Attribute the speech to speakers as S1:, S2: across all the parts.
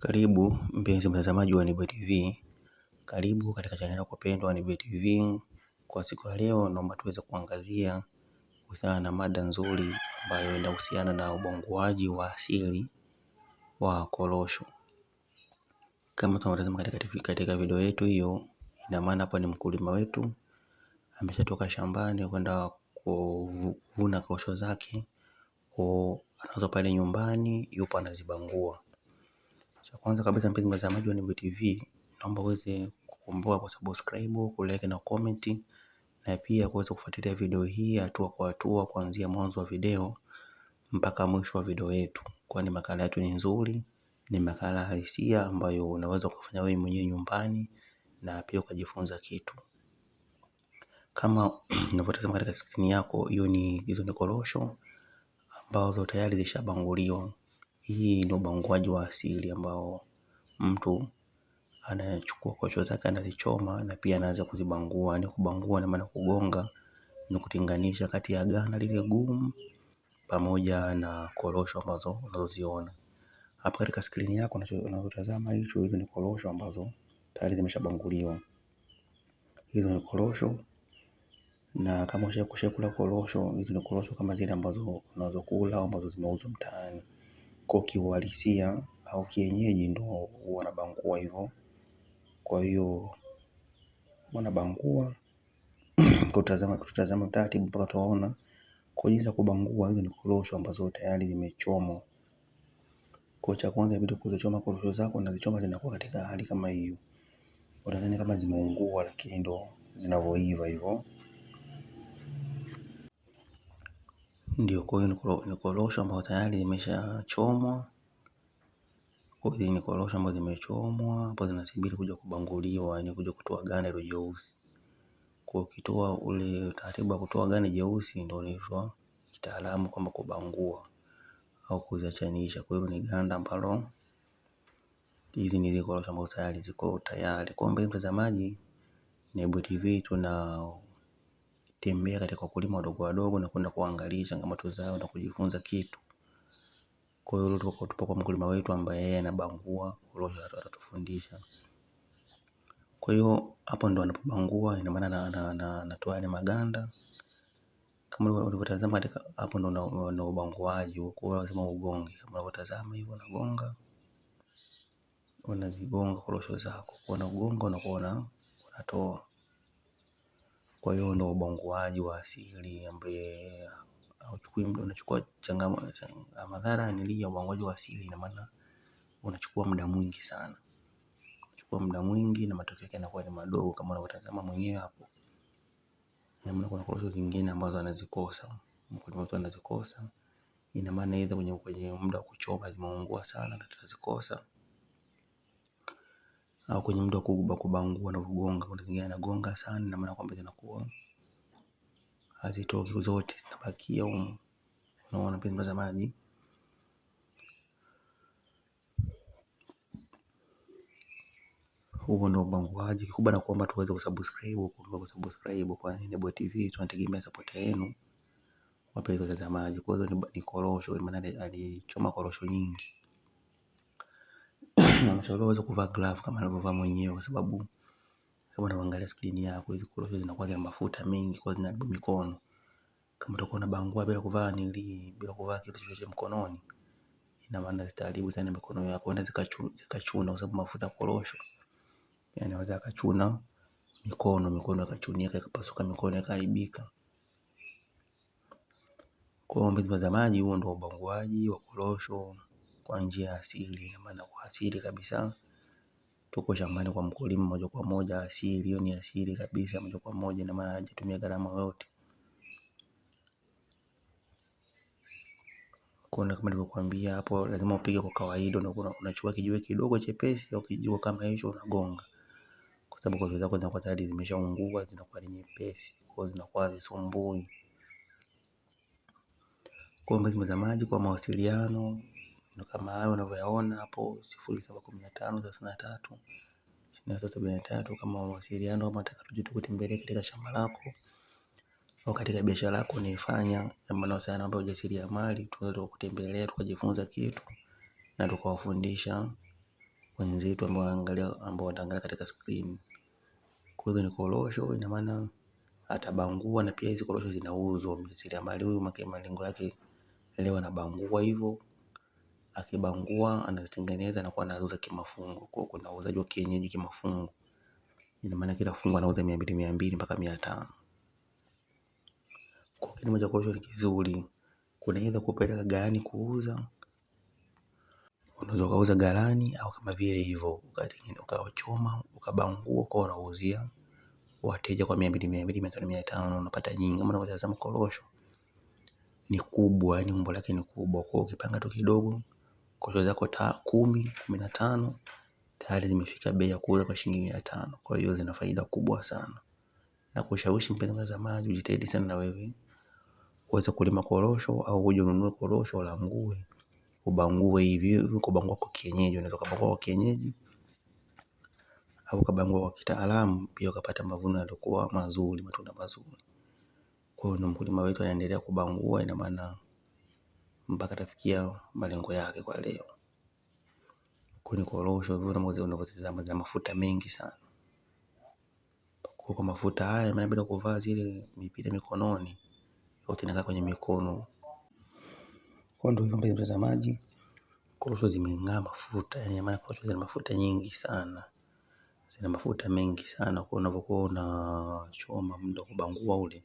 S1: Karibu mpenzi mtazamaji wa Nebuye TV, karibu katika chaneli yako pendwa ya Nebuye TV. Kwa siku ya leo, naomba tuweze kuangazia kuhusiana na mada nzuri ambayo inahusiana na ubanguaji wa asili wa korosho. Kama tunavyotazama katika, katika video yetu hiyo, ina maana hapa ni mkulima wetu ameshatoka shambani kwenda kuvuna korosho zake, anazo pale nyumbani, yupo anazibangua cha kwanza kabisa, mpenzi mtazamaji wa Nebuye TV, naomba uweze kukumbuka kwa subscribe, ku like na comment, na pia kuweza kufuatilia video hii hatua kwa hatua kuanzia mwanzo wa video mpaka mwisho wa video yetu, kwani makala yetu ni nzuri, ni makala halisia ambayo unaweza kufanya wewe mwenyewe nyumbani na pia ukajifunza kitu. Kama unavyotazama katika skrini yako, hiyo ni hizo ni korosho ambazo tayari zishabanguliwa. Hii ndio ubanguaji wa asili ambao mtu anachukua kocho zake anazichoma na pia anaanza kuzibangua. Ni kubangua na maana kugonga, ni kutenganisha kati ya gana lile gumu pamoja na korosho ambazo unaziona hapa katika skrini yako unazotazama. Hicho hizo ni korosho ambazo tayari zimeshabanguliwa. Hizo ni korosho, na kama ushakula korosho, hizo ni korosho kama zile ambazo unazokula ambazo zimeuzwa mtaani kwa kiuhalisia au kienyeji ndo wanabangua hivyo. Kwa hiyo wanabangua kutazama tutazama taratibu mpaka tuwaona kwa jinsi ya kubangua. Hizo ni korosho ambazo tayari zimechomwa. Kwa cha kwanza inabidi kuzichoma korosho zako, na zichoma zinakuwa katika hali kama hiyo, unadhani kama zimeungua, lakini ndo zinavyoiva hivyo. ndio kwa hiyo ni korosho ambayo tayari imeshachomwa. Kwa hiyo ni korosho ambazo zimechomwa, hapo, zinasubiri kuja kubanguliwa, yani kuja kutoa ganda ile jeusi. Kwa ukitoa ule utaratibu wa kutoa ganda jeusi ndio unaitwa kitaalamu kwamba kubangua au kuziachanisha. Kwa hiyo ni ganda ambalo hizi ni zile korosho ambazo tayari ziko tayari. Kwa hiyo mpenzi mtazamaji, Nebuye TV tuna kutembea katika wakulima wadogo wadogo na kwenda kuangalia changamoto zao na kujifunza kitu. Kwa hiyo hilo tupo kwa mkulima wetu ambaye yeye anabangua roho atatufundisha. Kwa hiyo hapo ndo anapobangua ina maana anatoa yale maganda. Kama ulivyotazama katika hapo ndo na na, ubanguaji huko, lazima ugonge. Kama unavyotazama hivyo unagonga, unazigonga korosho zako, ugonga unakuwa unatoa. Kwa hiyo ndo ubanguaji wa asili ambaye hauchukui muda, unachukua changamoto. Madhara nilii ya ubongoaji wa asili ina maana unachukua muda mwingi sana, unachukua muda mwingi na matokeo yake yanakuwa ni madogo, kama unavyotazama mwenyewe hapo. Ina maana kuna kosa zingine ambazo anazikosa mkulima wetu, anazikosa ina maana aidha kwenye kwenye muda wa kuchoma zimeungua sana na tunazikosa au kwenye mtu akubakubangua na kugonga, kuna zingine anagonga sana, na maana kwamba zinakuwa hazitoki zote, zinabakia huko. Unaona pia mpenzi mtazamaji, huo ndio ubanguaji. Kikubwa na kuomba tuweze kusubscribe, kuomba kusubscribe kwa nini Nebuye TV, tunategemea support yenu wapenzi watazamaji. Kwa hiyo ni korosho, maana alichoma korosho nyingi. Unashauriwa uweze kuvaa glavu kama anavyovaa mwenyewe kwa sababu kama unaangalia screen yako hizi korosho zinakuwa zina mafuta mengi kwa zinaharibu mikono. Kama utakuwa unabangua bila kuvaa nili bila kuvaa kitu chochote mkononi, ina maana zitaharibu sana mikono yako, na zikachuna zikachuna, kwa sababu mafuta ya korosho yanaweza yakachuna mikono, mikono yakachunika, ikapasuka mikono yakaharibika. Kwa hiyo mbizi za maji, huo ndio ubanguaji wa korosho kwa njia ya asili, maana kwa asili kabisa. Tuko shambani kwa mkulima moja kwa moja, asili hiyo ni asili kabisa moja kwa moja, na maana hajatumia gharama yoyote. Kuna kama nilivyokuambia hapo, lazima upige kwa kawaida, na kuna unachukua kijiwe kidogo chepesi au kijiwe kama hicho unagonga, kwa sababu kozi zako zinakuwa tayari zimeshaungua, zinakuwa ni nyepesi, kwa zinakuwa zisumbui. Kwa mtazamaji, kwa mawasiliano ndo kama hayo unavyoyaona hapo sifuri saba kumi na tano thelathini na tatu ishirini na sita sabini na tatu kama mawasiliano, kama nataka tuje tukutembelea katika shamba lako au katika biashara yako unaifanya, jambo linalohusiana na mambo ya ujasiriamali, tunaweza tukakutembelea tukajifunza kitu na tukawafundisha wenzetu ambao wanaangalia ambao wataangalia katika screen. Kwa hiyo ni korosho, ina maana atabangua, na pia hizi korosho zinauzwa. Mjasiriamali huyu malengo yake leo anabangua hivyo, akibangua anazitengeneza na kwa anauza kimafungu. Kwa kuna uuzaji wa kienyeji kimafungu, ina maana kila fungu anauza mia mbili mia mbili mpaka mia tano. Kwa kilimo cha korosho ni kizuri, kunaweza kupeleka galani kuuza, unaweza ukauza galani au kama vile hivyo ukachoma ukabangua, kwa unauzia wateja kwa mia mbili mia mbili mia tano mia tano unapata nyingi. Kama ukitazama korosho ni kubwa, yani umbo lake ni kubwa, kwa ukipanga tu kidogo korosho zako kumi, kumi na tano tayari zimefika bei ya kuuza kwa shilingi mia tano. Kwa hiyo zina faida kubwa sana. Na kushawishi mpenzi mtazamaji, ujitahidi sana na wewe uweze kulima korosho au uje ununue korosho la mgue ubangue hivi kubangua kwa kienyeji. Unaweza kubangua kwa kienyeji au kabangua kwa kitaalamu, pia ukapata mavuno yaliokuwa mazuri, matunda mazuri. Kwa hiyo mkulima wetu anaendelea kubangua, ina maana mpaka tafikia malengo yake kwa leo. Kwenye korosho hivyo unavyotizama zina mafuta mengi sana. Kwa mafuta haya inabidi kuvaa zile mipira mikononi, yote inakaa kwenye mikono. Kwa ndio hivyo mpenzi mtazamaji, korosho zimeng'aa mafuta, yani maana korosho zina mafuta nyingi sana, zina mafuta mengi sana. Kwa unavyokuwa unachoma muda kubangua ule,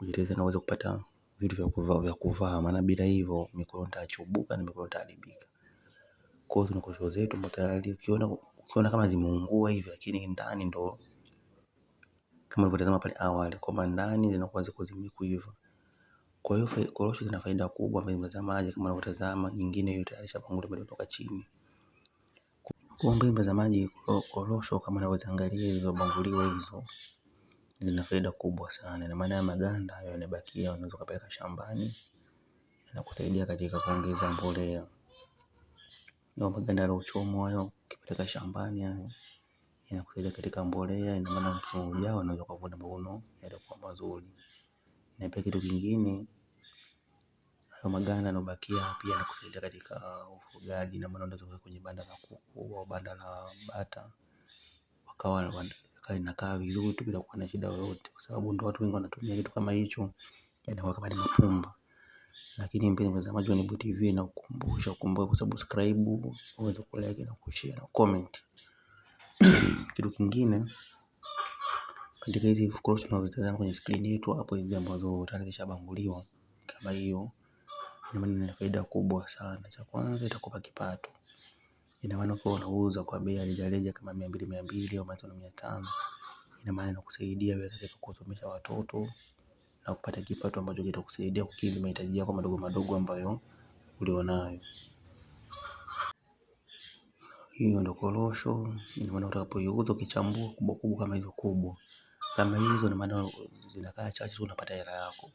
S1: ujieleze na uweze kupata vitu vya kuvaa vya kuvaa, maana bila hivyo mikono itachubuka na mikono itaharibika. Kwa hiyo tuna korosho zetu ambazo tayari ukiona ukiona kama zimeungua hivi, lakini ndani ndo kama ulivyotazama pale awali kwamba ndani zinakuwa ziko zimekuiva. Kwa hiyo korosho zina faida kubwa kama mtazamaji, kama unavyotazama nyingine hiyo tayari shapanguliwa bado kutoka chini. Kwa hiyo mtazamaji, korosho kama unavyoziangalia zilizobanguliwa hizo zina faida kubwa sana. Ina maana ya maganda hayo yanabakia, unaweza kupeleka shambani, na kusaidia katika kuongeza mbolea. Hayo maganda yaliyochomwa hayo, ukipeleka shambani hayo yanakusaidia katika mbolea. Ina maana msimu ujao unaweza kuvuna mavuno yaliyokuwa mazuri. Na pia kitu kingine, hayo maganda yanayobakia pia yanakusaidia katika ufugaji. Ina maana unaweza kuweka kwenye banda la kuku au banda la bata wakawa na inakaa vizuri tu bila kuwa na shida yoyote, kwa sababu ndio watu wengi wanatumia kitu kama hicho, yanakuwa kama ni mapumba. Lakini mpenzi mtazamaji wa Nebuye TV, na kukumbusha ukumbuke kusubscribe, uweze ku like na kushare na comment. Kitu kingine katika hizi cross tunazotazama kwenye screen yetu hapo, hizi ambazo tayari zishabanguliwa kama hiyo, ina maana ina faida kubwa sana. Cha kwanza itakupa kipato ina maana kwa unauza kwa bei ya rejareja kama mia mbili mia mbili au mia tano mia tano ina maana inakusaidia wewe katika kusomesha watoto na kupata kipato ambacho kitakusaidia kukidhi mahitaji yako madogo madogo ambayo ulionayo. Hiyo ndo korosho. Ina maana utakapoiuza ukichambua kubwa kubwa kama hizo kubwa kama hizo, ina maana zinakaa chache, tu unapata hela yako,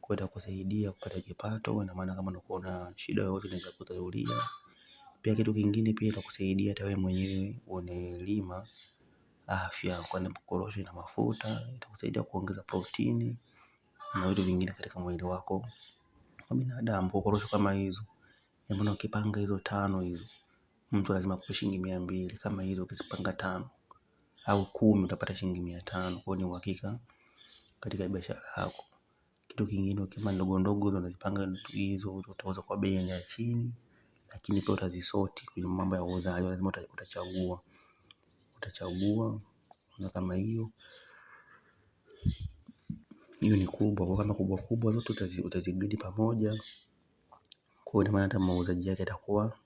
S1: kwa hiyo itakusaidia kupata kipato. Ina maana kama unakuwa na shida yoyote unaweza kutaulia pia kitu kingine pia itakusaidia hata wewe mwenyewe unelima afya kwani korosho ina mafuta, itakusaidia kuongeza protini na vitu vingine katika mwili wako kwa binadamu. Kwa korosho kama hizo mbona ukipanga hizo tano hizo mtu lazima akupe shilingi mia mbili kama hizo ukizipanga tano au kumi utapata shilingi mia tano kwa hiyo ni uhakika katika biashara yako. Kitu kingine ukipanga ndogo ndogo unazipanga hizo utauza kwa bei ya chini. Lakini pia utazisoti kwenye mambo ya uuzaji, lazima utachagua utachagua na kama hiyo hiyo ni kubwa, kwa kama kubwa kubwa zote utazi, pamoja. Kwa hiyo maana hata mauzaji yake yatakuwa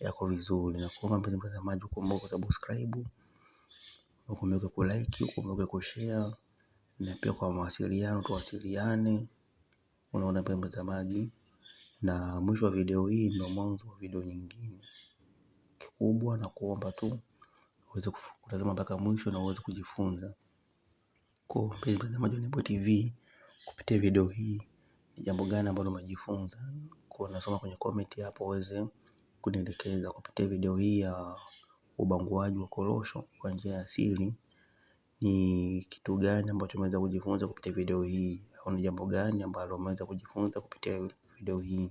S1: yako vizuri, na kwa mpenzi mtazamaji, ukumbuke kusubscribe, ukumbuke kulike, ukumbuke share na pia kwa mawasiliano tuwasiliane. Unaona mpenzi mtazamaji na mwisho wa video hii ndio mwanzo wa video nyingine. Kikubwa na kuomba tu uweze kutazama mpaka mwisho na uweze kujifunza. Kwa mpenzi mtazamaji wa Nebuye TV, kupitia video hii ni jambo gani ambalo umejifunza? Kwa nasoma kwenye comment hapo uweze kunielekeza kupitia video hii ya ubanguaji wa korosho kwa njia ya asili. Ni kitu gani ambacho umeweza kujifunza kupitia video hii, au ni jambo gani ambalo umeweza kujifunza kupitia video hii,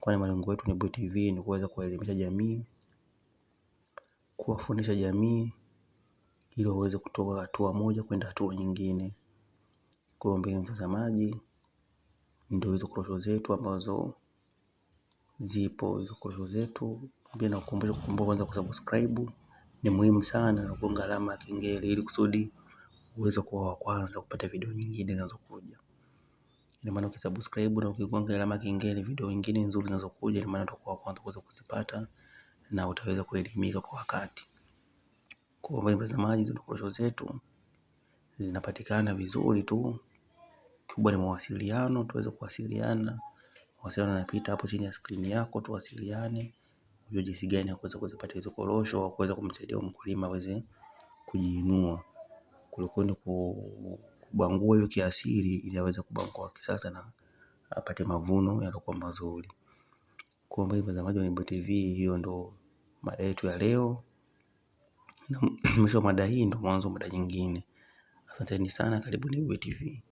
S1: kwani malengo yetu Nebuye TV ni kuweza kuelimisha jamii, kuwafundisha jamii ili waweze kutoka hatua moja kwenda hatua nyingine. Kwa hiyo, mtazamaji, ndio hizo korosho zetu ambazo zipo hizo korosho zetu. Pia kukumbusha kukumbuka kwanza kusubscribe ni muhimu sana, na kugonga alama ya kengele ili kusudi uweze kuwa wa kwanza kupata video nyingine zinazokuja. Ina maana ukisubscribe na ukigonga alama kengele, video nyingine nzuri zinazokuja, ina maana utakuwa wa kwanza kuweza kuzipata na utaweza kuelimika kwa wakati. Kwa hivyo mtazamaji, zinakorosho zetu zinapatikana vizuri tu, kubwa ni mawasiliano, tuweze kuwasiliana. Mawasiliano yanapita hapo chini ya skrini yako, tuwasiliane ujue jinsi gani ya kuweza kuzipata hizo korosho au kuweza kumsaidia mkulima aweze kujiinua kulikoni ni ku kubangua hiyo kiasili ili aweze kubangua kisasa na apate mavuno yatakuwa mazuri. Kwa hiyo mtazamaji wa Nebuye TV, hiyo ndo mada yetu ya leo, na mwisho wa mada hii ndo mwanzo wa mada nyingine. Asanteni sana, karibu Nebuye TV.